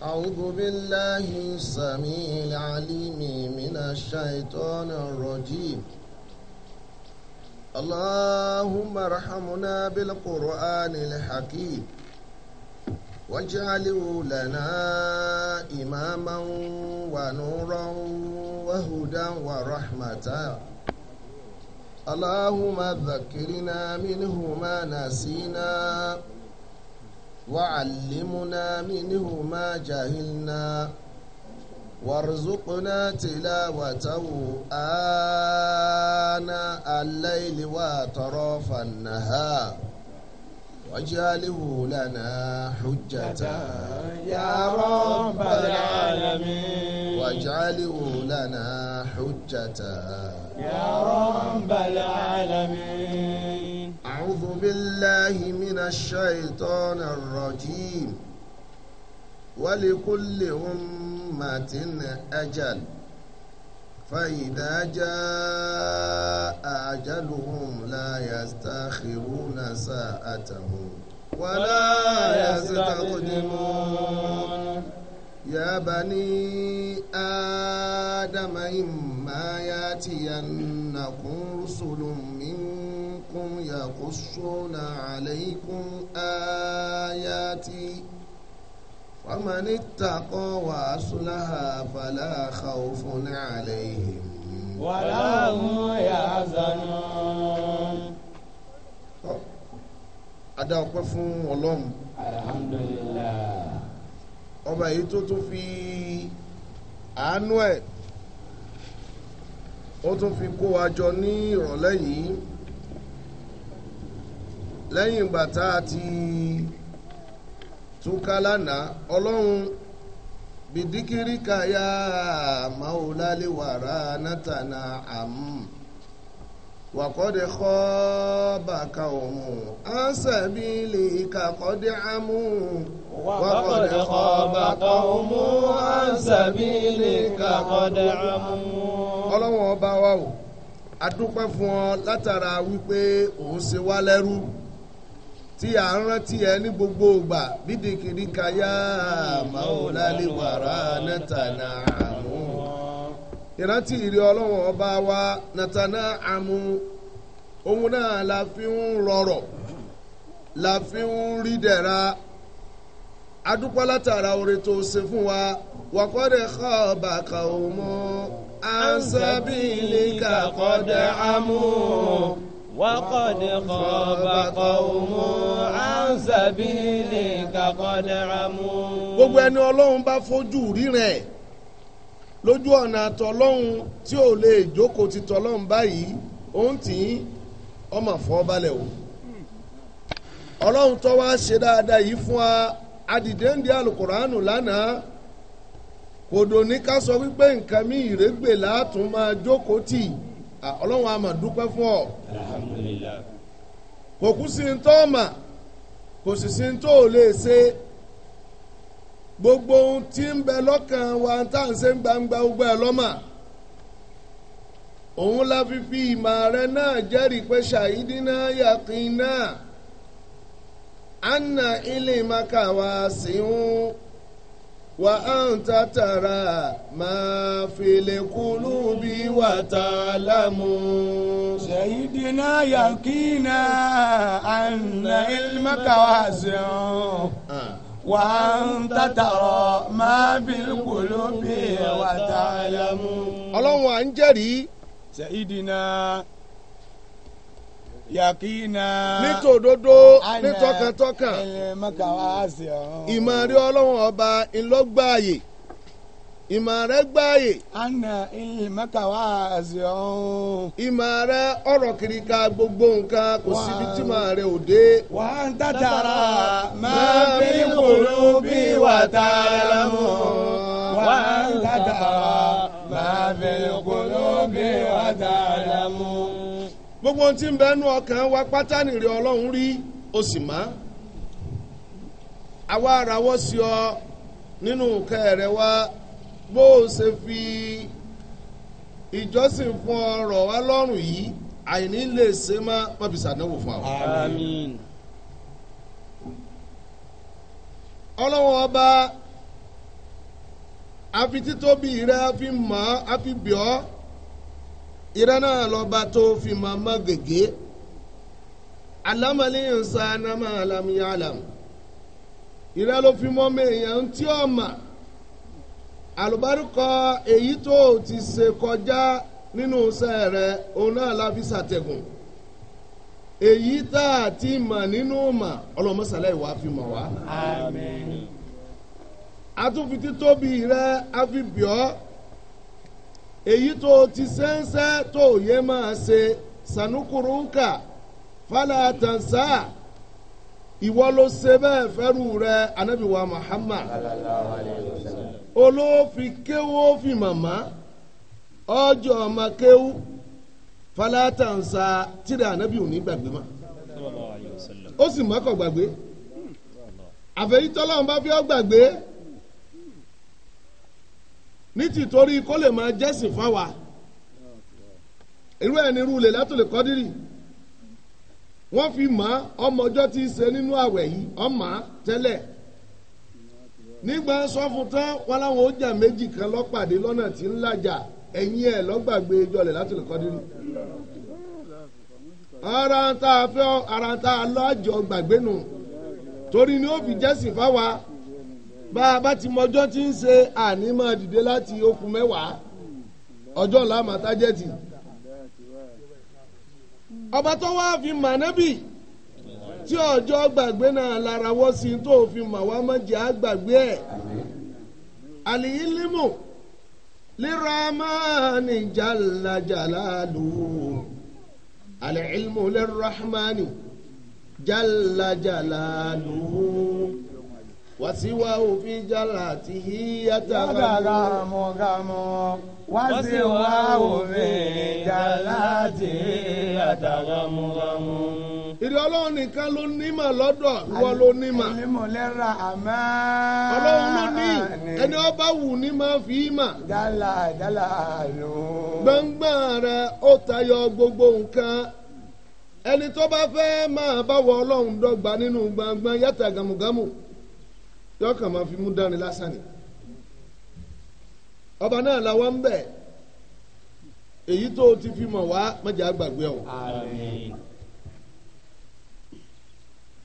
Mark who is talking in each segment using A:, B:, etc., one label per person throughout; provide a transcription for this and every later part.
A: أعوذ بالله السميع العليم من الشيطان الرجيم اللهم ارحمنا بالقرآن الحكيم واجعله لنا إماما ونورا وهدى ورحمة اللهم ذكرنا منه ما نسينا وعلمنا منه ما جهلنا وارزقنا تلاوته آناء الليل وأطراف النهار واجعله لنا حجة يا رب العالمين واجعله لنا حجة يا رب العالمين أعوذ بالله من الشيطان الرجيم ولكل أمة أجل فإذا جاء أجلهم لا يستأخرون ساعتهم
B: ولا يستقدمون
A: يا بني آدم إما يأتينكم رسل ربكم يقصون عليكم آياتي فمن اتقى وأصلح فلا خوف عليهم ولا هم
B: يحزنون
A: adá ọpẹ́ fún Ọlọ́run alhamdulilayi ọba yìí tó tún fi àánú ẹ̀ ó tún fi kó wa jọ ní ìrọ̀lẹ́ yìí lẹ́yìn ìgbà tá a ti túká lánàá ọlọ́run bìdíkìríkà yá máwòlálẹ̀ wàrà nátànà àmú wàkọ́dẹ̀ kọ́ bàkà òmù ánṣẹ́bí lè kàkọ́dẹ̀ àmú wàkọ́dẹ̀ kọ́ bàkà òmù ánṣẹ́bí lè kàkọ́dẹ̀ àmú. ọlọ́run ọba wa o a dúpẹ́ fún ọ látara wípé òun ṣe wá lẹ́rú tí à ń rántí ẹ ní gbogbo ìgbà bídìkìrì kayá màúlá lè wàrà nẹ́tànà àmú. ìrántí ìrì ọlọ́wọ́n ọba wa nẹ́tànà àmú òun náà la fi ń rọrọ̀ la fi ń rí dẹ̀ra adúpọ̀ látara oore tó ṣe fún wa wàkọ́dẹ̀ kọ́ọ̀bà kàó mọ́ ansábìlì kàkọ́dẹ̀
B: àmú. وقد خاب قوم عن سبيلك قد عموا. gbogbo
A: ẹni ọlọ́run bá fojú ríran ẹ̀ lójú ọ̀nà àtọ̀lọ́hún tí ò lè jókòó ti tọ̀lọ́hún báyìí òun tì í ọmọ fọ́ balẹ̀ o. ọlọ́run tó wá ṣe dáadáa yìí fún wa adìdẹ́ǹdì alukóránù lánàá kò dòní ká sọ wípé nǹkan mi ìrégbè látún máa jókòó tì í. ọlọ́run a máa dúpẹ́ fún ọ.
B: alhamdulillah.
A: kò kú sí ní tó mà kò sì sí ní tó lè ṣe gbogbo ohun tí ń bẹ lọ́kàn wa tá à ń ṣe ń gbangba gbogbo ẹ̀ lọ́mà òun la fi fi ìmọ̀ rẹ náà jẹ́rìí pé ṣàyídínà yàkínà anna ilé maka wa sí ń. وأنت ترى ما في القلوب وتعلم سيدنا يقينا أن علمك واسع وأنت ترى ما في القلوب وتعلم. ọlọ́run à ń jẹ́rìí. سيدنا ya nítòdodo nítọkàntọkàn. ẹlẹmọkà wá sí ọ. ìmọ̀ ọlọ́run ọba ńlọgbààyè ìmọ̀ gbààyè. ana ọ̀rọ̀ ka gbogbo nǹkan kò síbi tí màá rẹ ò wà á ń tàtàrà
B: máa fi kúrú bí wà á ta ẹ̀rọ mọ́. wà
A: á gbogbo ohun tí ń bẹ́ẹ̀ ọkàn wa pátá nìrí ọlọ́run rí o sì má àwa arawọ́ sí ọ nínú ìkẹ́ rẹ wa bó o ṣe fi ìjọsìn fún ọrọ̀ wa lọ́rùn yìí àìní lè ṣe má pàbísàdánwò fún àwọn. àmín. ọlọ́wọ́n ọba àfi títóbi rẹ̀ àfi mọ̀ ìrẹ́ náà lọ́ba tó fi máa mọ́ gègé alámọ̀lẹ́ ìsànà máa lámìyá àlàmù ìrẹ́ ló fi mọ́ mẹ́yàn tí ó mà àlùbáríkọ èyí tó ti ṣe kọjá nínú iṣẹ́ rẹ̀ òun náà la fi ṣàtẹ̀gùn èyí tá a ti mọ̀ nínú mà ọlọ́mọṣẹ́lẹ̀ ìwà fi mọ̀ wá. a tún fi títóbi rẹ̀ a fi bì èyí tó ti sẹ́ńsẹ́ tó o yẹ máa ṣe sanukuruka fala tansa ìwọ ló ṣe bẹ́ẹ̀ fẹ́rù rẹ anabi Muhammad olófin kéwú fi màmá ọjọ́ ọmọ kéwú fala tansa tíra anabi ni gbagbe gbàgbé
B: ma
A: ó sì mọ́kọ̀ gbàgbé àfẹ́yítọ́lọ́run bá fi ọ́ gbàgbé. ní tìtorí kó lè máa jẹ́sìn fáwa irú ẹni irú Lailatul Qadri wọ́n fi mọ̀ ọmọ ọjọ́ tí í ṣe nínú àwẹ̀ yìí ọmọ tẹ́lẹ̀ nígbà sọ fún tán wọn láwọn ó jà méjì kan lọ́pàdé lọ́nà tí ń làjà ẹ̀yìn ẹ̀ lọ́gbàgbé ìjọ Lailatul Qadri ara ń ta fẹ́ ara ń ta alájọ gbàgbé nù torí ni ó fi jẹ́sìn fáwa bá a bá ti mọjọ́ tí ń ṣe àní máa dìde láti okùn mẹ́wàá ọjọ́ ńlá máa ọba tó wá fi mà nábì tí ọjọ́ gbàgbé náà lára wọ́ sí tó fi mà wá má jẹ́ àgbàgbé ẹ̀ àlìyí límù líramánì jàlájàlálù àlìyí límù líramánì jàlájàlálù. wa fi jalatihi yatagara mugamo wasiwahu fi jalatihi
B: yatagara mugamo.
A: ìrì ọlọ́run nìkan ló nímọ̀ lọ́dọ̀ ìwọ ló nímọ̀. ẹni mo lẹ́ra àmọ́. ọlọ́run ló ní ẹni ọba wù ní máa fi mà. dálà dálà lò. gbọ̀ngbọ̀n rẹ̀ ó tayọ gbogbo nǹkan ẹni tó bá fẹ́ máa bá wọ ọlọ́run dọ́gba nínú gbọ̀ngbọ̀n yóò kàn máa fi mú dání lásán ni ọba náà la wá ń bẹ̀ èyí tó o ti fi mọ̀ wá mẹ́jà agbàgbé o.
B: àmín.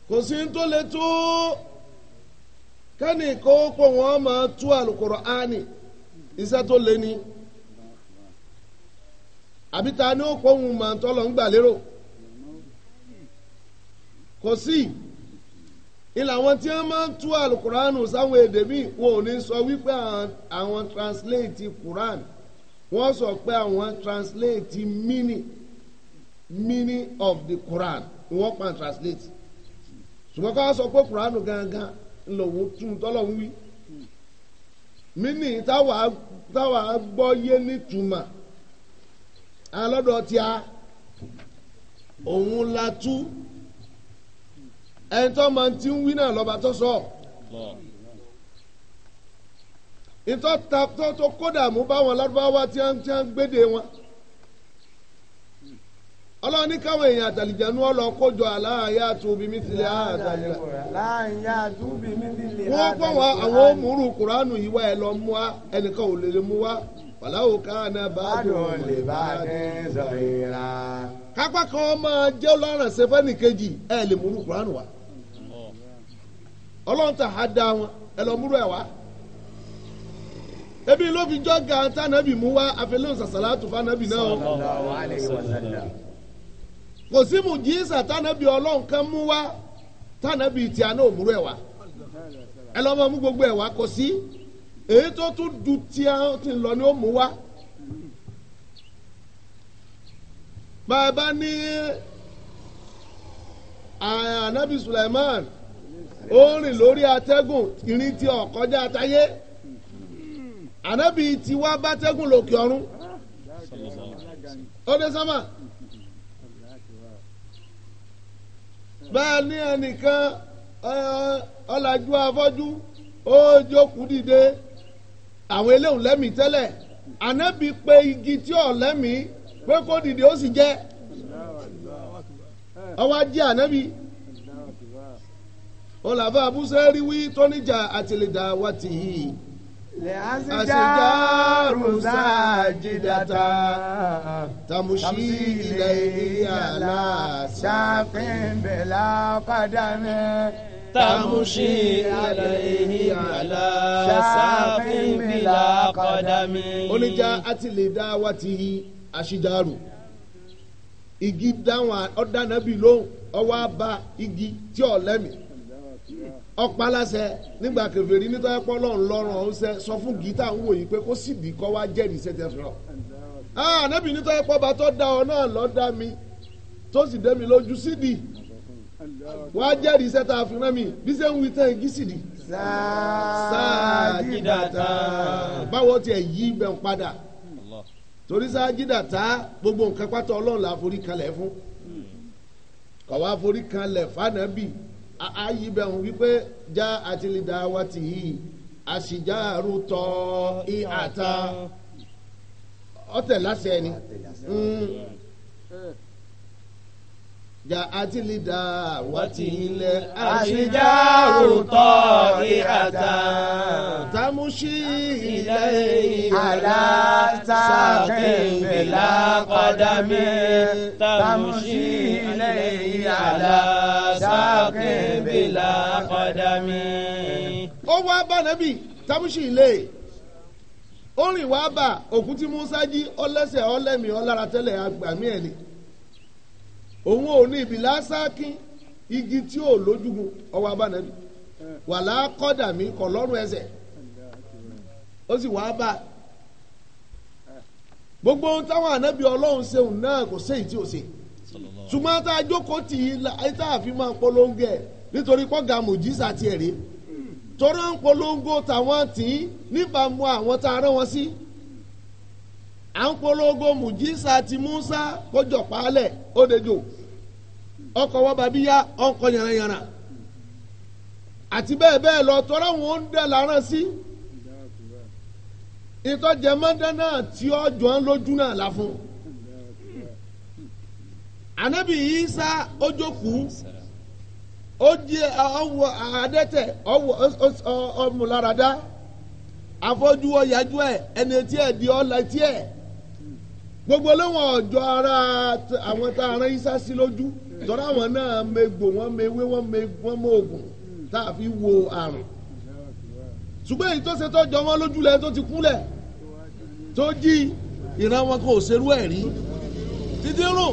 A: kò sí tó le tó kẹ́ni kó pọ̀ wọ́n máa tú Al-Qur'ani iṣẹ́ tó le ni àbíta ta ni ó pọ̀ wọ́n máa tọ́ lọ ń gbà lérò kò sí. ìlà àwọn tí wọ́n máa ń tú alukuraanu sáwọn èdè míì wọn ò ní sọ wípé àwọn translate quran wọ́n sọ pé àwọn translate mini, mini of the quran wọ́n pa translate ṣùgbọ́n ká sọ pé Quran, gangan lòun tún tọ́lọ́hún wí mini táwa táwa gbọ́ yé nítumọ̀ alọ́dọ̀ tí a òun la tú ẹni tó máa ti ń wí náà lọ́ba tó sọ. ìtọ́ ta tó tó kódà mú báwọn lárúbáwá tí wọ́n ti ń gbéde wọn. ọlọ́run ní káwọn èèyàn àtàlìjànú ọlọ́ kójọ aláàyà tóbi mi tilẹ̀ àtàlìjà. aláàyà tóbi mi àtàlìjà. wọ́n pọ̀ wá àwọn òmùrù kuránù yìí wá lọ mú wa ẹnìkan ò lè mú wa wàláwò káàná bàdùn lè bá ní sọ̀rọ̀ rà. kápákan máa jẹ́ ọlọ́run ṣe fẹ́ nìkejì ẹ lè mú kuránù wa ọlọ́run tà á da wọn ẹ wá ebi ló fi jọ́ ga tànàbì mú wá àfẹlẹ́hùn sàṣàlátù fànàbì náà kò sí mu jíísà tànàbì ọlọ́run kan mú wá tànàbì tìá náà múrò ẹ̀ wá ẹ lọ́ mọ́ mú gbogbo ẹ̀ wá kò sí èyí tó tún du tìá ti lọ ni ó mú wá. bàbá ní anabi Sulaiman ó rìn lórí atẹ́gùn ìrìn tí ò kọjá àtayé ànábì tí wá bátẹ́gùn lòkè ọ̀run ó dé sámà bẹ́ẹ̀ ní ẹnìkan ọ̀làjú afọ́jú ó jókòó dìde àwọn eléhùn lẹ́mìí tẹ́lẹ̀ ànábì pe igi tí ò lẹ́mìí pé kó dìde ó sì jẹ́
B: ọwọ́ ajé ànábì
A: olàfà abúsẹ́rí wí tóníjà àtìlẹ́dà wa ti yí.
B: àṣejáàrú
A: sáàjìdàtà tàmùsí ilẹ̀ ìyàlá ṣàfihàn bẹ̀là padà mẹ́. tàmùsí ilẹ̀ ìyàlá ṣàfihàn bẹ̀là padà mẹ́. oníjà àtìlẹ́dà wa ti yí àṣejáàrú igi dáhùn ọ̀dànàbí lóhùn ọwọ́ àbá igi tí ò lẹ́mìí ọpalasẹ nígbà kèfèrí nítorí pé Ọlọ́run lọ́rùn ọ̀hún sẹ sọ fún gítà ń wò yìí pé kó sì bí kọ́ wá jẹ́rìí sẹ́tẹ̀ fúnra ah, ànábì nítorí pé ọba tó dá ọ náà ló dá mi tó sì dé mi lójú sídìí wá jẹ́rìí sẹ́tẹ̀ àfihàn mi bí sẹ́ ń wí tẹ́ igi sídìí.
B: sáàjìdàtà
A: báwo tiẹ̀ yí bẹ̀ ń padà torí sáàjìdàtà gbogbo nǹkan pátá Ọlọ́run là forí kalẹ̀ fún kọ̀ forí kalẹ̀ fànàbì ayíbẹ̀ wọn wípé já àtìlídà wa ti yìí àṣìjáàrú tọ́ ìhàta ọtẹ láṣẹ ni. jà àti lè dà wàtí ilẹ̀ àṣìjà òótọ́ ìhàtà tàmúṣí ilẹ̀ ìhàlà sàkèbèlà kọ́dàmì
B: tàmúṣí ilẹ̀ ìhàlà sàkèbèlà
A: kọ́dàmì. ó wá bá nàbì tàmúṣí ilé ó rìn wá bá òkú tí musa jí ọlẹ́sẹ̀ ọlẹ́mì ọlára tẹ́lẹ̀ àgbàmí ẹ̀ ni. òun ò ní ibi lásákín igi tí ò lójúgun ọwọ abánẹ́bí wà mi kọ lọ́rùn ẹsẹ̀ ó sì bá gbogbo ohun táwọn ànábì ọlọ́run ṣeun náà kò séyìí tí ò ṣe ṣùgbọ́n tá a jókòó tì í máa polongo ẹ̀ nítorí à ń polongo mùjísà ti Musa kójọ paálẹ̀ ó dejo ọkọ̀ wọ́n bàbí yá ọkọ̀ yànnàyànnà àti bẹ́ẹ̀ bẹ́ẹ̀ lọ tọ́lá wọn ń dẹ̀ lára sí ìtọ́jẹ́ mọ́dá tí ó jọ ń lójú náà la fún anabi Isa ojoku ó di ọwọ́ adẹ́tẹ̀ ọwọ́ ọmọláradá afọ́jú ọ̀yájú ẹ̀ ẹni etí ẹ̀ di ọ̀la etí gbogbo lẹ́wọ̀n ọ̀jọ́ ara àwọn tá a rán isá sí lójú tọ́lá àwọn náà mẹ́gbò wọ́n mẹ́wé wọ́n mọ oògùn tá a fi wo àrùn ṣùgbọ́n èyí tó ṣe tó jọ wọ́n lójú lẹ̀ tó ti kúnlẹ̀ tó jí ìran wọn kò ṣerú ẹ̀ rí títí rò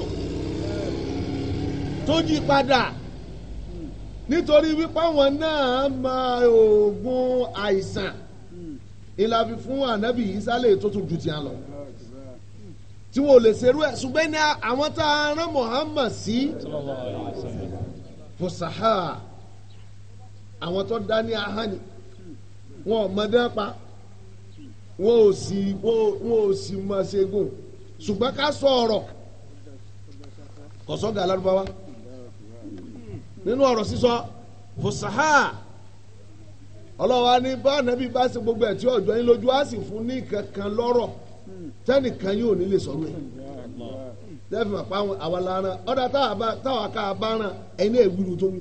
A: tó jí padà nítorí wípé àwọn náà máa oògùn àìsàn ìlàfi fún ànábì ìsálẹ̀ tó tún ju ti hàn lọ tí wọn ò lè ṣerú ẹ̀ ṣùgbọ́n ní àwọn tá a rán Muhammad sí fusaha àwọn tó dá ní ahani wọn ò mọ dán pa wọn ò sì wọn ò sì mọ ṣẹ́gun ṣùgbọ́n ká sọ ọ̀rọ̀ kọ̀sọ́gà alárúbáwá nínú ọ̀rọ̀ sísọ fusaha ọlọ́wà ní bá nàbí bá ṣe gbogbo ẹ̀ tí ọ̀jọ́ yín lójú á sì fún ní kankan lọ́rọ̀. tẹ́nìkan yóò nílé sọ̀rọ̀ ẹ̀ pa àpá àwa láran ọ̀dà táwa ká bá ràn ẹ̀yin ewúro tó wí.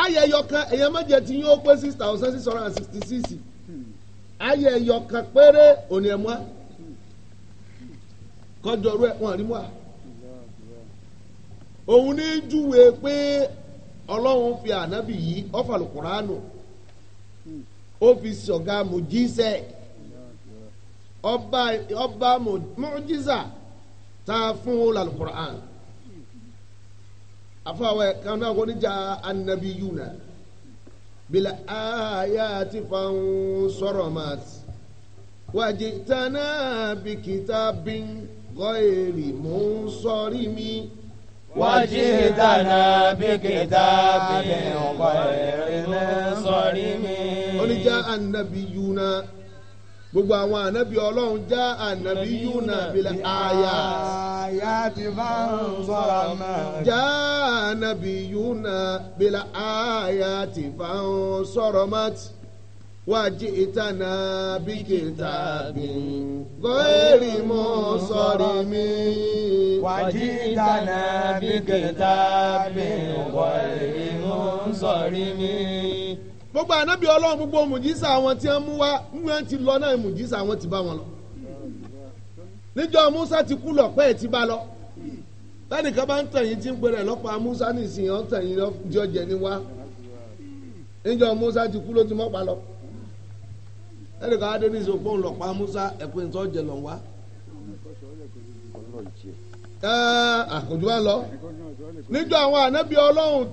A: ayé ẹyọ èèyàn méje tí yóò pé six thousand six hundred and sixty six péré òní fi ànábì yìí ọ̀fàlùkùránù ó fi ọba ọba mọ̀jísà tá a fún wọn lálẹ́ Qur'an afọwọ́ ẹ̀ kan náà wọ́n níjà anabi yuna bila ayati fansoromat wajitana bikitabin gọ́yèrè munsarimi. wajitana bikitabin gọ́yèrè munsarimi. oníjà anabi yuna gbogbo àwọn ànábì ọlọ́run já ànábì yúnà bílẹ̀ àyà. àyà ti bá ń sọ̀rọ̀ náà. já ànábì yúnà bílẹ̀ àyà ti bá ń sọ̀rọ̀ mọ́tì. wájú ìtànà bí kìtà bí gọ́ẹ̀rì mọ́ sọ̀rọ̀
B: mi. wájú ìtànà bí kìtà bí gọ́ẹ̀rì mọ́ sọ̀rọ̀ mi
A: gbogbo ànábì ọlọ́run gbogbo mùjísà àwọn tí wọ́n mú wá wọ́n ti lọ náà mùjísà àwọn ti bá wọn lọ. níjọ́ Musa ti kú lọ́pẹ́ ẹ̀ ti bá lọ. lẹ́nìkan bá ń tẹ̀yìn tí ń pè rẹ̀ lọ́pàá Musa nìsín ọ̀ ń tẹ̀yìn jọjẹ ní wá. níjọ́ Musa ti kú ló ti mọ́pa lọ. lẹ́nìkan adé ní ìsopọ̀ ńlọpàá Musa ẹ̀pẹ́ ìtọ́jẹ lọ wá
B: àkójú wa lọ níjọ
A: àwọn ànábì ọlọ́run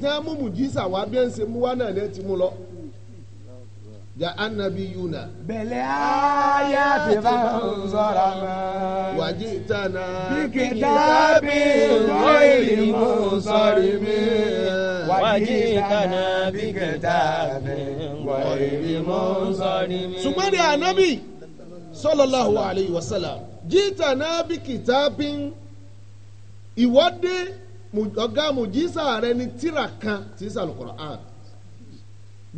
A: tí a mú mùjísà wá bí ẹ ń ṣe mú wá náà lẹ́ ti mú lọ ja anabi yuna. bẹ̀lẹ̀ ayé àti báwọn sọ̀rọ̀ mọ́. wàjí tana. bíkítà
B: bí lóyè
A: mú sọ̀rí mi. wàjí tana bíkítà
B: bí lóyè mú sọ̀rí mi. ṣùgbọ́n ní anabi
A: sallallahu alayhi wa sallam jíìtà náà bí kìtàbí ìwọ́dé ọ̀gá mùjísà rẹ ní tíra kan tí ń sàlùkọ̀rọ̀ àn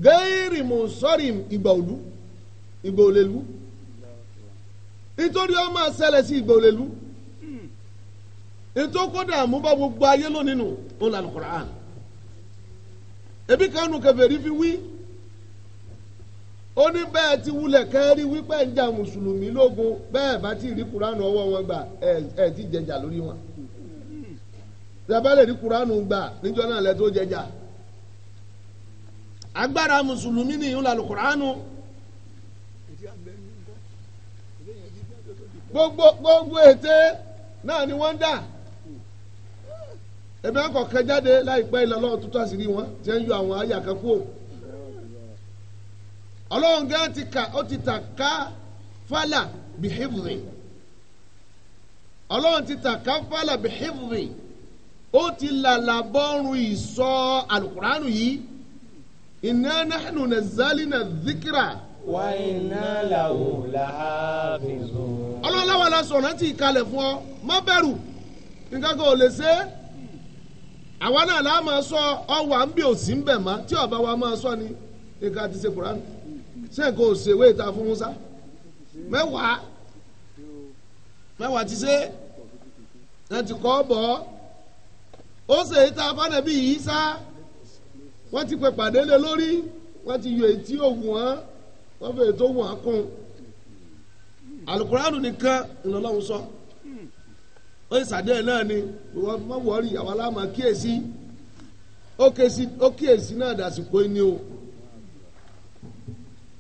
A: gẹ́rì mò ń sọ́rì ìgbà òlu ìgbà òlelu nítorí ó máa ṣẹlẹ̀ sí ìgbà òlelu ètò kódà àmúbá gbogbo ayé lónìí nù ó làlùkọ̀rọ̀ àn ebi kanu kẹfẹ́ rí fi wí. ó ní bẹ́ẹ̀ ti wulẹ̀ kẹ́ wípé ń jà mùsùlùmí lógun bẹ́ẹ̀ bá ti rí kuranu ọwọ́ wọn gbà ẹ̀ ẹ̀ ti jẹjà lórí wọn tẹ́bálẹ̀ rí kuranu gbà níjọ́ náà tó jẹjà agbára mùsùlùmí nìyí lálù kuranu gbogbo gbogbo ète náà ni wọ́n dà láìpẹ́ àṣírí wọn ń yọ àwọn ayé ọlọ́run gan ti kà ó ti tà ká fálà bìhìfìrì ọlọ́run ti tà ká fálà bìhìfìrì ó ti làlàbọ́rùn ìsọ alukuraanu yìí inna nahnu nazzalna dhikra. wa inna lahu lahafizun. ọlọ́run láwa la sọ̀rọ̀ ti kalẹ̀ fún ọ má bẹ̀rù nǹkan kan ò lè ṣe àwa náà la máa sọ ọwọ́ à ń bí òsì mọ́ tí ọba wa máa sọ ni nǹkan ti ṣe kuraanu sẹ́ǹkó òṣèwé ìta fún musa mẹ́wàá mẹ́wàá ti ṣe náà ti kọ́ bọ̀ ó ṣe ìta fánàbí yìí sá wọ́n ti pè pàdé lé lórí wọ́n ti yọ etí òwú wọn wọ́n fèrè tó wù wọn kún alukuraanu nìkan ńlọlọ́run sọ ó sì sàdé ẹ̀ náà ni wọ́n mọ̀ wọ́ọ́rì àwọn aláàmà kíyèsí ó kíyèsí náà dàsìkò ẹni o.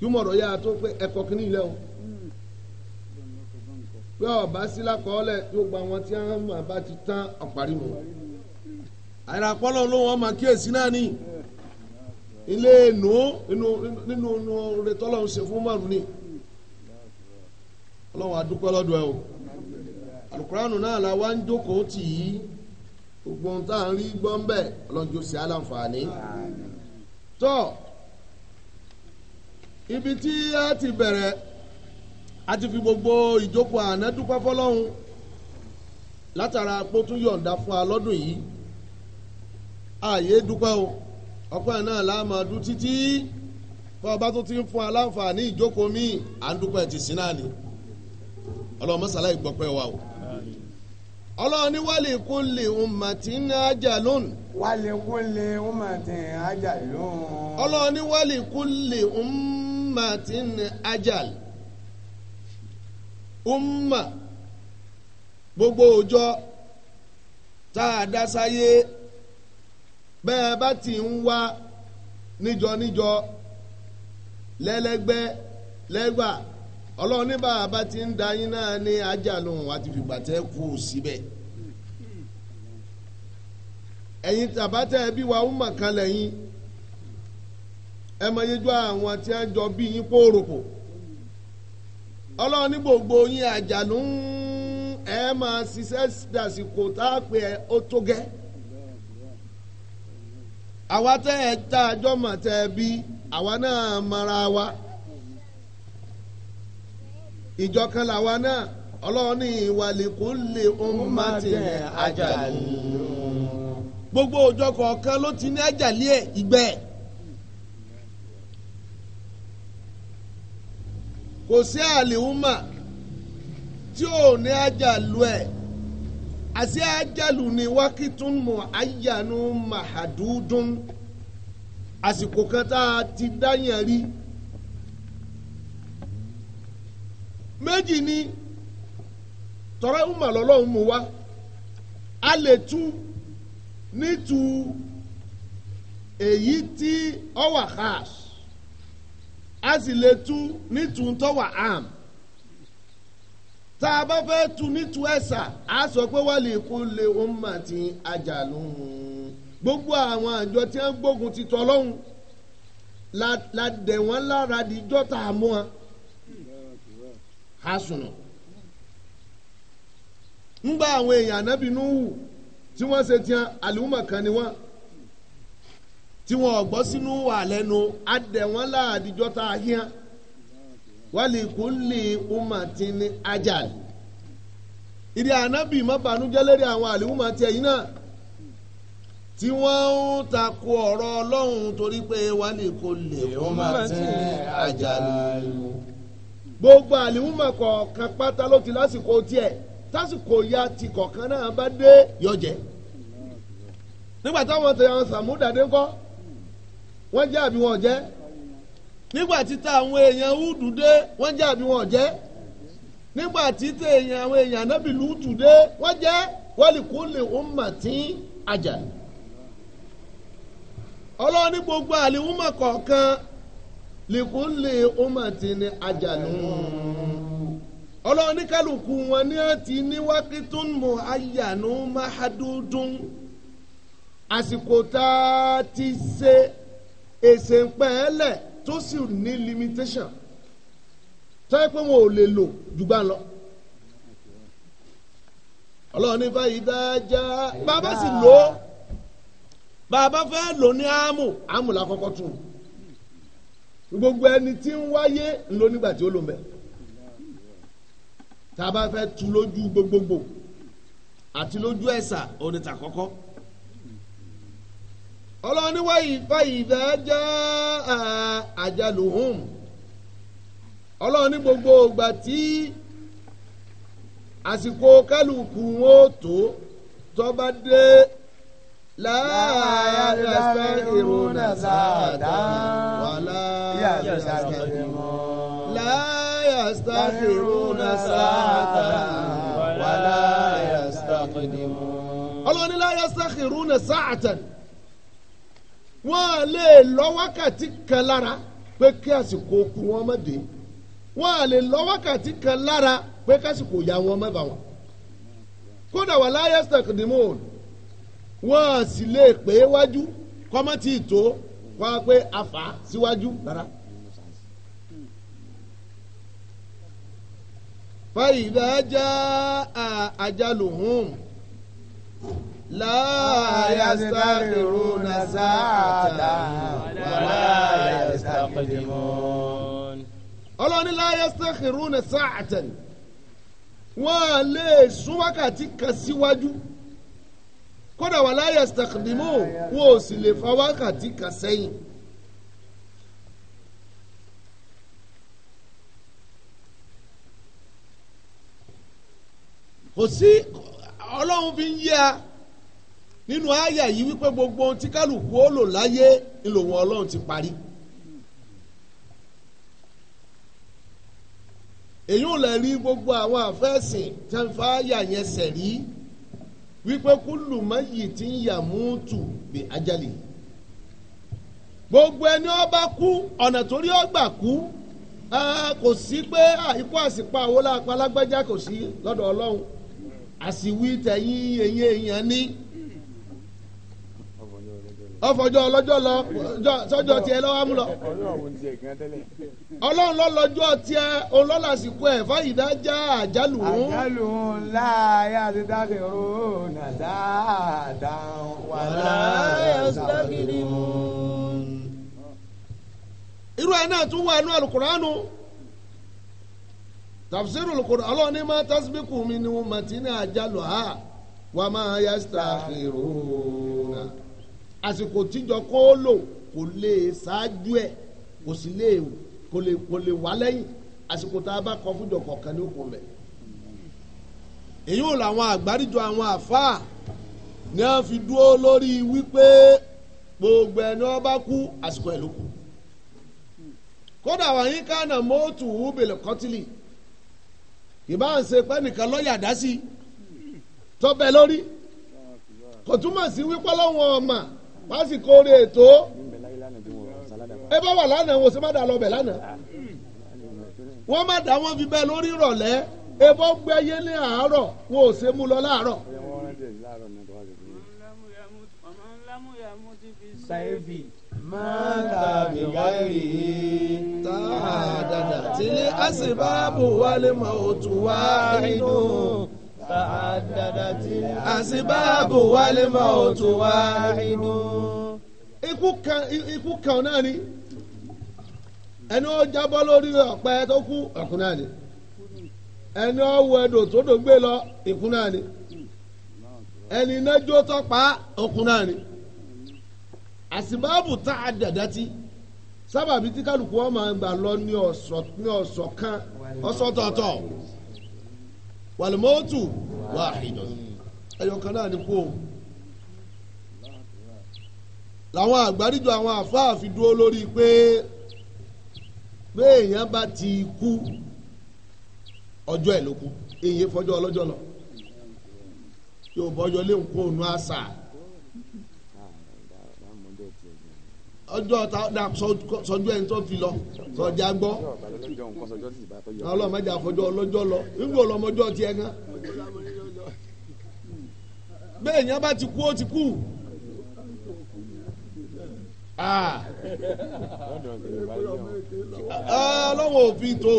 A: túmọ̀rọ̀ yá tó pé ẹ̀kọ́ kìíní ilẹ̀ o pé ọba sílá kọ́ọ́lẹ̀ yóò gba wọn tí wọn máa bá ti tán ọ̀parí mu àìràpọ́lọ́ ló wọn máa kíyèsí náà ní ilé nù nínú nínú retọ́lọ́ ń ṣe fún márùn ni ọlọ́run adúpẹ́ lọ́dọ̀ ẹ o alukuraanu náà la wá ń jókòó tì í gbogbo ohun tá à ń rí gbọ́ ń bẹ̀ ọlọ́run jọ sí aláǹfààní tọ́. ibi tí a ti bẹ̀rẹ̀ a ti fi gbogbo ìjókòó àná dúpẹ́ fọlọ́hún látara pé tún yọ̀ǹda fún wa lọ́dún yìí ààyè dúpẹ́ o ọpẹ́ náà láàmàdú títí bọ́ ọba tó ti ń fún aláǹfààní ìjókòó míì à ń dúpẹ́ ti sí náà ni ọlọ́run mọ́sálá ìgbọ́pẹ́ wa o ọlọ́run ní lè kúnlé ọmọtí ní ajá lónìí. lè kúnlé ọmọtí ní ajá lónìí. ọlọ́run ní wálé kúnlé ọmọ. ummatin ajal umma gbogbo òjọ tá a dá sáyé bẹ́ẹ̀ bá ti ń wá níjọ níjọ lẹ́lẹ́gbẹ́ lẹ́gbà ọlọ́run ní bàbá ti ń da yín náà ní ajálù àti fìgbà tẹ́ kú síbẹ̀ ẹ̀yin tàbátẹ́ bí wa ó mọ̀ kan lẹ́yìn ẹ mọ yíjú àwọn tí wọ́n jọ bí yín ọlọ́run ní gbogbo yín àjànú ẹ máa ṣiṣẹ́ dàsìkò tá a pè ẹ́ ó tó gẹ́ àwa tẹ́ ẹ tá a jọ mọ̀ tẹ́ ẹ bí àwa náà mara wa ìjọ kan làwa náà ọlọ́run ní ìwàlẹ̀kùn lè gbogbo ọjọ́ kọ̀ọ̀kan ló ti ní àjàlì kò sí àlìhùmà tí ò ní àjàlù ẹ̀ àti àjàlù ní wákìtún mọ̀ àyànú màhàdúdún àsìkò kan tá a ti dáyàn rí méjì ni tọrẹ ń mà mú wa a lè tú nítu èyí tí ọwà haas a sì lè tú nítun tọ́wà am tá a bá fẹ́ tú nítun ẹ̀sà a sọ pé wà lè kó lè òun mà ti àjàlùm gbogbo àwọn àjọ tí wọ́n gbógun ti tọ́ lọ́hùn la dẹ̀ wọ́n lára díjọ́ tá a mú wọn a sùnà àwọn èèyàn ànábìínú wù tí wọ́n ṣe tiẹ̀ àlùmọ̀ kan ni wọ́n tí wọn ò gbọ́ sínú wà lẹ́nu adẹ̀ wọn láàdìjọ́ tá a híán wálé kúnlé umatin ajal ìdí ànábì má bànújẹ́ lérí àwọn àlìwùmá tiẹ̀ yìí náà tí wọ́n ń takò ọ̀rọ̀ ọlọ́run torí pé wálé kúnlé umatin ajal gbogbo àlìwùmá kọ̀ọ̀kan pátá ló ti lásìkò tiẹ̀ tásìkò ya ti kọ̀ọ̀kan náà bá dé yọjẹ́ nígbà táwọn tẹ̀yàn sàmúdàdé ńkọ́. wọ́n jẹ́ àbí wọn jẹ́ nígbà títa àwọn èèyàn húdù dé wọ́n jẹ́ àbí wọn jẹ́ nígbà títa èèyàn àwọn èèyàn anábì lùtù dé wọ́n jẹ́ walikulli ummatin ajal ọlọ́run ní gbogbo àlìhùmà kọ̀ọ̀kan likulli ummatin ajalun ọlọ́run ní kálukú wọn ní wọ́n ti ní wákìtún mọ̀ ayànú máhadúdún àsìkò tá a ti ṣe èsè ń pẹ́ ẹ lẹ̀ tó sì ní limitation tó yẹ pé wọn ò lè lò jùgbà lọ. ọlọ́run ní báyìí dájá bàbá sì lò ó bàbá fẹ́ lò ní àmù àmù la kọ́kọ́ tún gbogbo ẹni tí ń wáyé ńlọ nígbà tí ó lò ń bẹ̀ tá a bá fẹ́ tu lójú gbogbogbò àti lójú ẹ̀sà onítàkọ́kọ́ ọlọ́run ní wáyé fàyìdá já àjálùhùn ọlọ́run ní gbogbo ìgbà tí àsìkò kálukú wọn ò tó tọ́ba dé láàyè ìrúnà sáàdá wàlá yàtọ̀
B: sàkẹ́yìmọ́.
A: láàyè ìrúnà sáàdá
B: wàlá yàtọ̀ sàkẹ́yìmọ́.
A: ọlọ́run ní láàyè ìrúnà sáàtàn wọ́n lè lọ wákàtí kan lára pé kí àsìkò okùn wọn má dé wọ́n lè lọ wákàtí kan lára pé kásìkò ìyá wọn má bà wọ́n kódà wà láyé stakdimon wọ́n sì lè pè wájú kọ́mọ́tì tó wá pé àfà síwájú rárá. fàyídà já àjálù hùn. لا يستأخرون ساعة ولا يستقدمون ọlọ́ni لا يستأخرون ساعة wọ́n á lè sún wákàtí kan síwájú kódà wà لا يستقدمون wọ́n ò sì lè fa wákàtí kan sẹ́yìn. kò sí ọlọ́run fi ń yé nínú àyà yìí wípé gbogbo ohun tí kálukú ó lò láyé ńlòwọ́ ọlọ́run ti parí. èyí ò lè rí gbogbo àwọn àfẹ́sìn tẹ́ fa àyà yẹn sẹ̀ rí wípé kúlù mọ́yì tí ń yà mú tù bí ajálì. gbogbo ẹni ó bá kú ọ̀nà torí ó gbà kú kò sí pé ikú àsìpá àwọn lápá lágbájá kò sí lọ́dọ̀ ọlọ́run àsìwí tẹ̀yìn eyín èèyàn ní ọfọjọ ọlọ́jọ́ lọ sọjọ tiẹ̀ lọ́wọ́ mú lọ. Ọlọ́run ló lọ́jọ́ tiẹ̀ olólàsìkò ẹ fàyídá já àjálù. àjálù ńlá ayé àti dákìrò nàdá àdáhùn wàlá ẹsẹkìrì mú. irú ẹ náà tún wà nínú alukuraanu tafsiru alukuraanu Ọlọ́run ní ma tasbiku mi ni mo màtí ní àjálù ha wàá máa yá sítà àkìrò náà àsìkò tíjọ kó lò kò lè ṣáájú ẹ̀ kò sì lè kò lè kò lè wá lẹ́yìn àsìkò tá a bá kọ fúnjọ kọ̀ọ̀kan ní òkun mẹ́. èyí ò làwọn àgbáríjọ àwọn àfáà ni wọ́n fi dúró lórí wípé gbogbo ẹni wọ́n bá kú àsìkò ẹ̀ ló kù. kódà wàá yín kánà mọ́tò wúbẹ̀lẹ̀ kọ́tìlì ìbáà ń ṣe pé nìkan dá sí tọ́bẹ̀ lórí kò túmọ̀ sí wípé lọ́wọ́ ọmọ pásìkò orí ètò ẹ bá wà lánàá wọn ò sì má dà lọ bẹ̀ lánàá wọ́n má dà wọ́n fi bẹ́ẹ̀ lórí ìrọ̀lẹ́ ẹ bọ́ gbẹ́yé ní àárọ̀ wọn ò ṣe mú lọ láàárọ̀.
B: sàyẹ́fì máa tàbí gáírì
A: tààdàdà tí àṣìbáàbò wálé màá ò tù wá inú àsìbáàbò wálé máa ò tó wá inú. ikú kan náà ni ẹni ó jábọ́ lórí ọ̀pẹ tó kú ọ̀kun náà ni ẹni ó wọ ẹdọ̀ tó dò gbé lọ ìkun náà ni ẹni iná jó tọ́pa ọ̀kun náà ni àsìbáàbò tá a dàdá ti sábàbí tí kálukú ọmọ àgbà lọ ní ọ̀sọ̀ kan ọ̀sọ̀ tọ̀tọ̀ wàlmọ́tù wàhídọ̀ ẹyọkan náà ní kú òun làwọn àgbáríjọ àwọn àfáà fi dúró lórí pé béèyàn bá ti kú ọjọ́ ẹ̀ ló kú èyí fọjọ́ ọlọ́jọ́ lọ yóò bọ́jọ́ léwu kó o nu àṣà. ọjọ́ ta sọjọ́ ẹni tó fi lọ sọjà gbọ́ ọlọ́mọdé àfọjọ́ ọlọ́jọ́ lọ nígbà ọlọ́mọjọ́ tiẹ̀ gan bẹ́ẹ̀ yẹn bá ti kú ó ti kú ah. ah, ọlọ́wọ́n òfin tó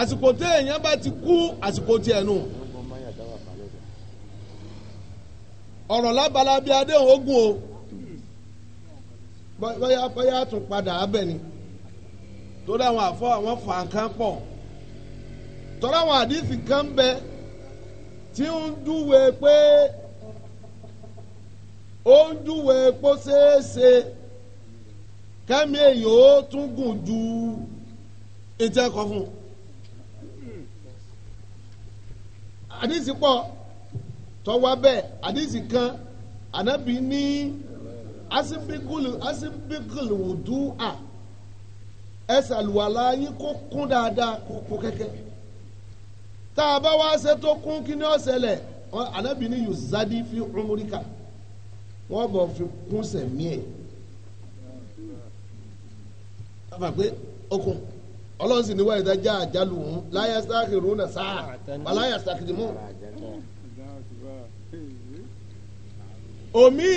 A: àsìkò téèyàn bá ti kú àsìkò tiẹ̀ nù ọ̀rọ̀ lábalábí adéhùn ogun o bóyá bóyá tún padà abẹ ni torí àwọn àfọ àwọn fà nǹkan pọ̀ torí àwọn àdìsí kan bẹ tí ń júwe pé ó ń júwe pé ó ṣeéṣe kẹ́mi èyí ó tún gùn ju ìtẹ́kọ̀ fún àdìsí pọ̀ tọ́wọ́ bẹ́ẹ̀ àdìsí kan ànábì ní asibikul asibikul wudu a ẹsẹ̀ àlùwàlá yín kó kún dáadáa kó kó kẹ́kẹ́ tá a bá wá ṣe tó kún kí ni ó ṣẹlẹ̀ Ànábì ní yuzadi fi umurika wọ́n bọ̀ fi kún sẹ̀mí ẹ̀ àfà pé okun ọlọ́run sì ní wáyé dájá àjálù òun láyé sáàkì rúnà sáà wàláyà sáàkì dìmú. omi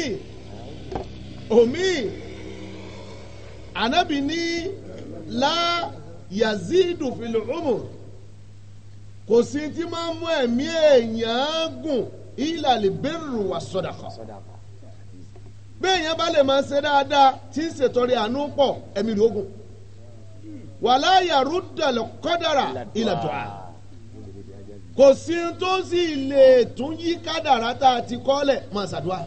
A: omi anabi ní la yazidu fil umu, kò sí tí máa mú ẹ̀mí èèyàn gùn ìlàlẹ̀ bẹ́rù wà sọ́dàkọ̀ bẹ́ẹ̀ yẹn bá lè máa ṣe dáadáa tí ń ṣètọ́rẹ àánú pọ̀ ẹ̀mí rẹ̀ ogun wàlá yàrúdàlẹ̀ kọ́dàrà ilẹ̀ dùà kò sí tó sì lè tún yí kádàrá tá a ti kọ́ lẹ̀ máa ṣàdúrà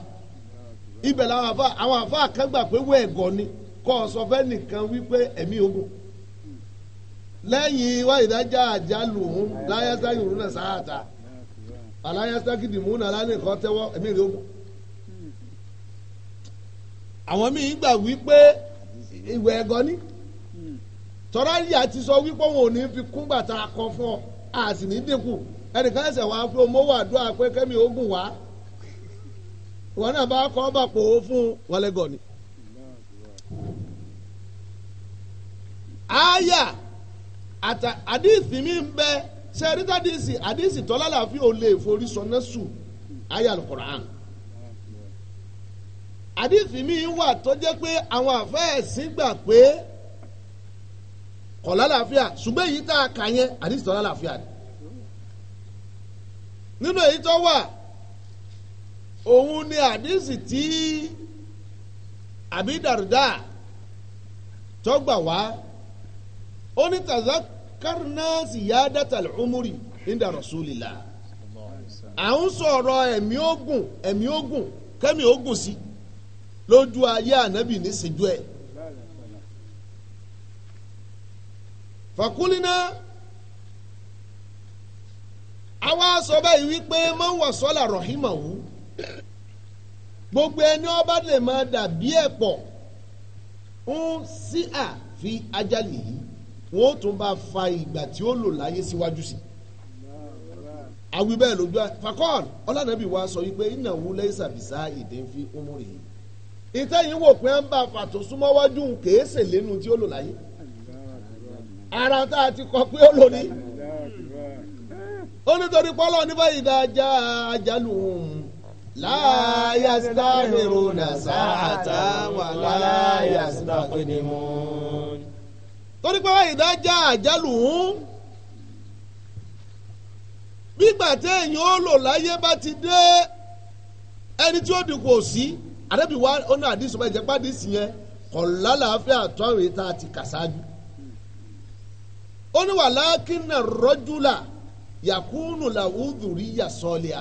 A: ibẹ̀ làwọn àfa àwọn àfa kan gbà pé wọ́n ẹ̀gọ́ ni kọ́ ọ sọ fẹ́ nìkan wípé ẹ̀mí ogun lẹ́yìn wá ìdájà àjálù òun láyásá yòrò náà sáàtà aláyásá kìdì mú náà lánìkan tẹ́wọ́ ẹ̀mí rẹ̀ ogun. àwọn míì gbà wípé ìwẹ̀ ẹ̀gọ́ ni tọ́láyì àti sọ wípé òun ò ní fi kún bàtà akọ fún ọ àti ní dínkù ẹnìkan ẹsẹ̀ wá fún ọmọ wàdúrà pé kẹ́mi ogun wá. wọn náà bá kọ́ bá pò ó fún wọlégọ ni. aya àtà àdìsí mi ń bẹ ṣe ríta àdìsí àdìsí tọ́lá làfi ò lè forí sọnà sùn aya al-Qur'an àdìsí mi wà tó jẹ́ pé àwọn ẹ̀sìn gbà pé kọ̀ lálàáfíà ṣùgbọ́n èyí tá a kà yẹn àdìsí tọ́lá làáfíà ni nínú èyí tó wà. òun ni àdísì tí àbídàrúdà tọgbà wá ó ní tazakarna ziyadatal umuri inda rasulillah à ń sọ̀rọ̀ ẹ̀mí ogun ẹ̀mí ogun kẹ́mi ogun sí lójú ayé ànábì níṣẹ́jú ẹ̀. fàkúlínà àwa sọ báyìí wípé man wa sọ́là rahimahu gbogbo ẹni ọba lè máa dà ẹ̀pọ̀ ń sí à fi lè yìí wọn ó tún bá fa ìgbà tí ó lò láyé síwájú sí awi bẹ́ẹ̀ lójú fakọ́ọ̀n ọlọ́nàbí wa sọ wípé iná lẹ́yìn sàbìsà ìdẹ́nfí ọmọrì yìí ìtẹ́yìn wò pé ń bá fàtó lẹ́nu tí ó lò láyé ara tá ti kọ pé ó lò ní ó nítorí pọ́lọ́ ìdájà
B: لا يستأخرون ساعة ولا
A: يستقدمون torí pé ìdá já àjálù hún gbígbà téèyàn ó lò láyé bá ti dé ẹni tí ó dín kò sí àdébí wa ó ní àdìsí ọba ìjẹpá àdìsí yẹn kò lálàáfíà tó àwọn èyí tá a ti kà sáájú ó ní wàhálà kí n nà rọ́júlà yàkúnù làwùdùrí yà sọ́ọ́lìà.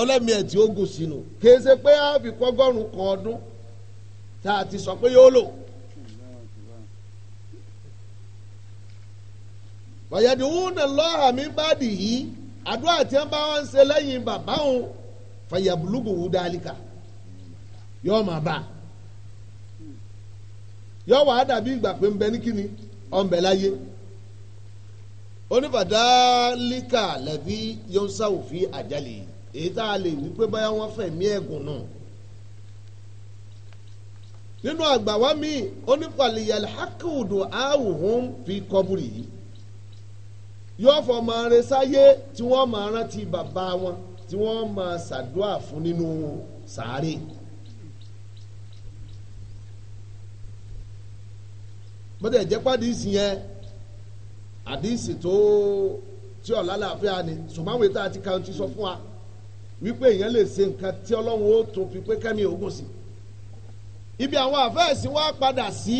A: ọlẹ́mi ẹ̀ tí ó gùn sínú kìí ṣe pé a fi kọ́gọ́rùn kan ọdún tá a ti sọ pé yóò lò. ọ̀yẹ́dì wúnà lọ́hà mi bá dì yìí àdúrà tí wọ́n bá wọn ṣe lẹ́yìn bàbá wọn fàyàbùlùkù wù dálíkà yóò máa bá yóò wàá dàbí ìgbà pé ń bẹ ní kíni ọ̀nbẹ láyé onífàdálíkà lẹ́bí yóò fi àjálè yìí èyí tá a lè wí pé báyà wọ́n fẹ̀mí ẹ̀gùn náà nínú àgbàwá mi onífàlìyàlì hakiudu ahuhun fi kọbúrì yìí yóò fọ máa re sáyé tí wọ́n máa rántí bàbá wọn tí wọ́n máa ṣàdúà fún nínú sàárè. bọ́dẹ̀ jẹ́ pàdísì yẹn tó tí ọ̀làlàáfíà ni sùmáwé tá a ti kàn ti sọ fún wa wípé èèyàn lè ṣe nǹkan tí ọlọ́run ó tún fi pé kẹ́mi ògùn sí ibi àwọn àfẹ́ẹ̀sì wá padà sí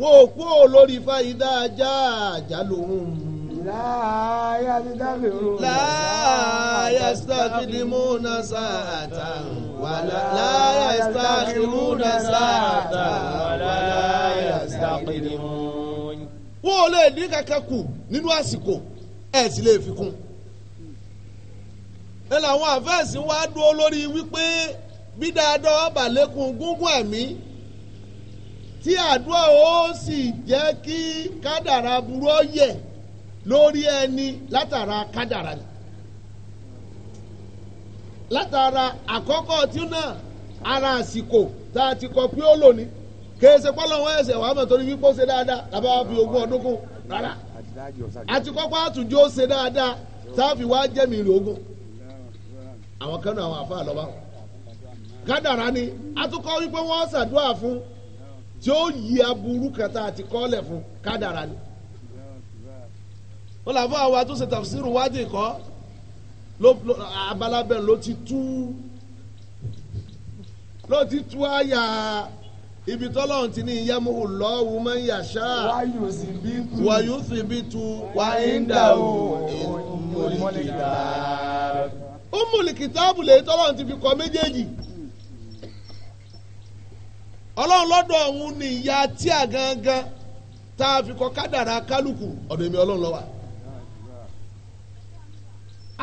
A: wọn ò kú lórí fáyidá ajá àjá lòun. láàyè sítáfìrún láàyè sítáfìrún náà sáàtà
B: láàyè sítáfìrún náà sáàtà láàyè sítáfìrún.
A: wọn ò lè dín kankan kù nínú àsìkò ẹ̀ sì lè fi kún ẹ làwọn àfẹ́sì wá dúró lórí wípé bí dáadọ́ ọbàlẹ́kùn gúngún ẹ̀mí tí àdúrà ó sì jẹ́ kí kádàrà burú ó yẹ̀ lórí ẹni látara kádàrà ni látara àkọ́kọ́ tí náà ara àsìkò tá a ti kọ pé ó lò ní kèsè pọ́lọ́wọ́ ẹ̀sẹ̀ wàá mọ̀ torí wípé ó ṣe dáadáa làbá wa fi ogún ọdún kún rárá àti kọ́kọ́ àtúnjó ṣe dáadáa tá a fi wá jẹ́mi ìrògùn àwọn kan náà àwọn àfa àlọ́ba kádàrá ni atukọ̀ wípé wọ́n ṣàdúrà fún tí ó yí aburú kẹta àti kọ́lẹ̀ fún kádàrá ni. wọ́n làbọ̀ àwọn àtúnṣe tafsiru wájú ìkọ́ abala ló ti tú ló ti tú àyà ibi tọ́lọ́run ti ní yẹ́mu lọ́wọ́ máa ń yàṣá wàyú síbi tu wàyí ń dà o ìmọ̀lẹ́gbàá. ó múlì kìtáàbù lè ti fi kọ́ méjèèjì ọlọ́run lọ́dọ̀ ọ̀hún ni ìyá tí a gangan tá a fi kọ́ kádàrá kálukú ọ̀dọ̀ èmi ọlọ́run lọ́wọ́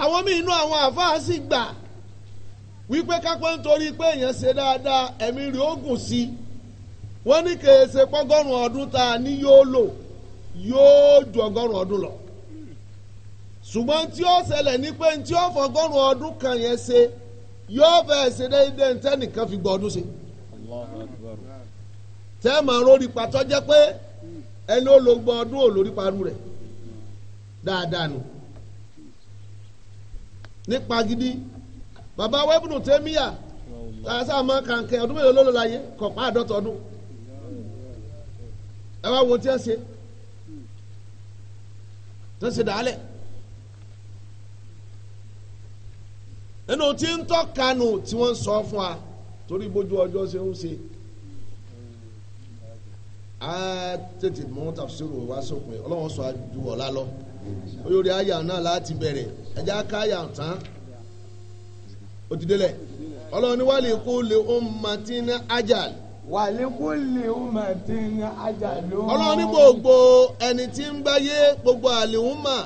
A: àwọn míì inú àwọn àfáà sì gbà wípé kápẹ́ nítorí pé èèyàn ṣe dáadáa ẹ̀mí rẹ̀ ó sí wọ́n ní ṣe pọ́gọ́rùn-ún ọdún yóò lò yóò lọ. ṣùgbọ́n tí ó ṣẹlẹ̀ ní pé tí ó fọgọ́rùn ọdún kan yẹn ṣe yóò fẹ́ ṣe déédéé ntẹ́nìkan fi gbọ́ ọdún ṣe. tẹ́ẹ̀mà lórí pàtó jẹ́ pé ẹni ó lo gbọ́ ọdún ò lórí parú rẹ̀ dáadáa nù. nípa gidi bàbá wẹ́bùnù tẹ́míyà sáà máa kàǹkẹ́ ọdún mélòó ló lọ láyé kọ̀pá àdọ́tọ̀ ọdún. ẹ wá wo tí wọ́n ṣe tó ṣe dàálẹ̀. nínú tí ń tọ́ka nù tí wọ́n ń sọ fún wa torí bójú ọjọ́ ṣe ń ṣe á tètè mú tafsiru wá sópin ọlọ́wọ́n sọ ju ọ̀la lọ olórí àyà náà láti bẹ̀rẹ̀ ẹ̀já ká àyà tán ó ti délẹ̀ ọlọ́run ní wàlẹ̀ kó lè ó ma ti ní ajal. wàlẹ̀ kó lè ó ma ti ní ajal. ọlọ́run ní gbogbo ẹni tí ń báyé gbogbo àlè ń mà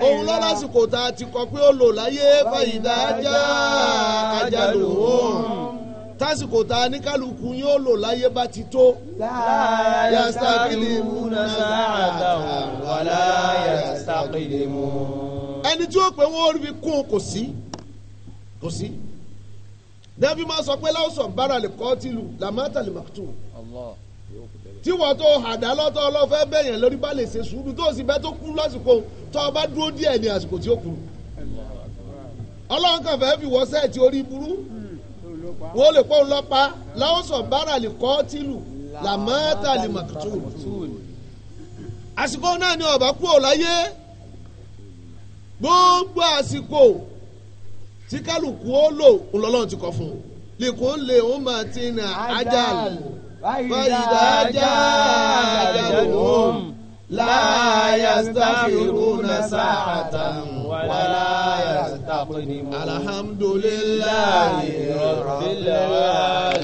A: òun lọ lásìkò tá a ti kọ pé ó lò láyé fàyídà ajá àjálù òun tásìkò tá a ní kálukú yóò lò láyé bá ti tó. yastakili muna sáàdà wàlá yastakili mu. ẹni tí ó pè wọ́n rí kún kò sí kò sí dẹ́bí máa sọ pé láwùsàn bára lè kọ́ tìlù làmátà màkútù. tí wọ́n tó hàdá lọ́tọ́ ọlọ́fẹ́ bẹ̀yẹn lórí bá lè ṣe sùúrù tó sì bẹ́ tó kú lásìkò tó ọba dúró díẹ̀ ní àsìkò tí ó kú. ọlọ́run kan fẹ́ẹ́ fi wọ́n sẹ́ẹ̀tì orí burú wọ́n lè pọ́n lọ́pa láwọn sọ̀ bára lè kọ́ tìlù làmọ́tà lè màkàtù. àsìkò náà ni ọba kú ọ̀láyé gbogbo àsìkò tí kálukú ó lò ńlọ́lọ́run ti kọ fún un lè kó lè ó máa ti nà ájà lò.
B: فإذا جاء أجلهم لا يستغفرون
A: ساعة ولا يستقدمون الحمد لله رب العالمين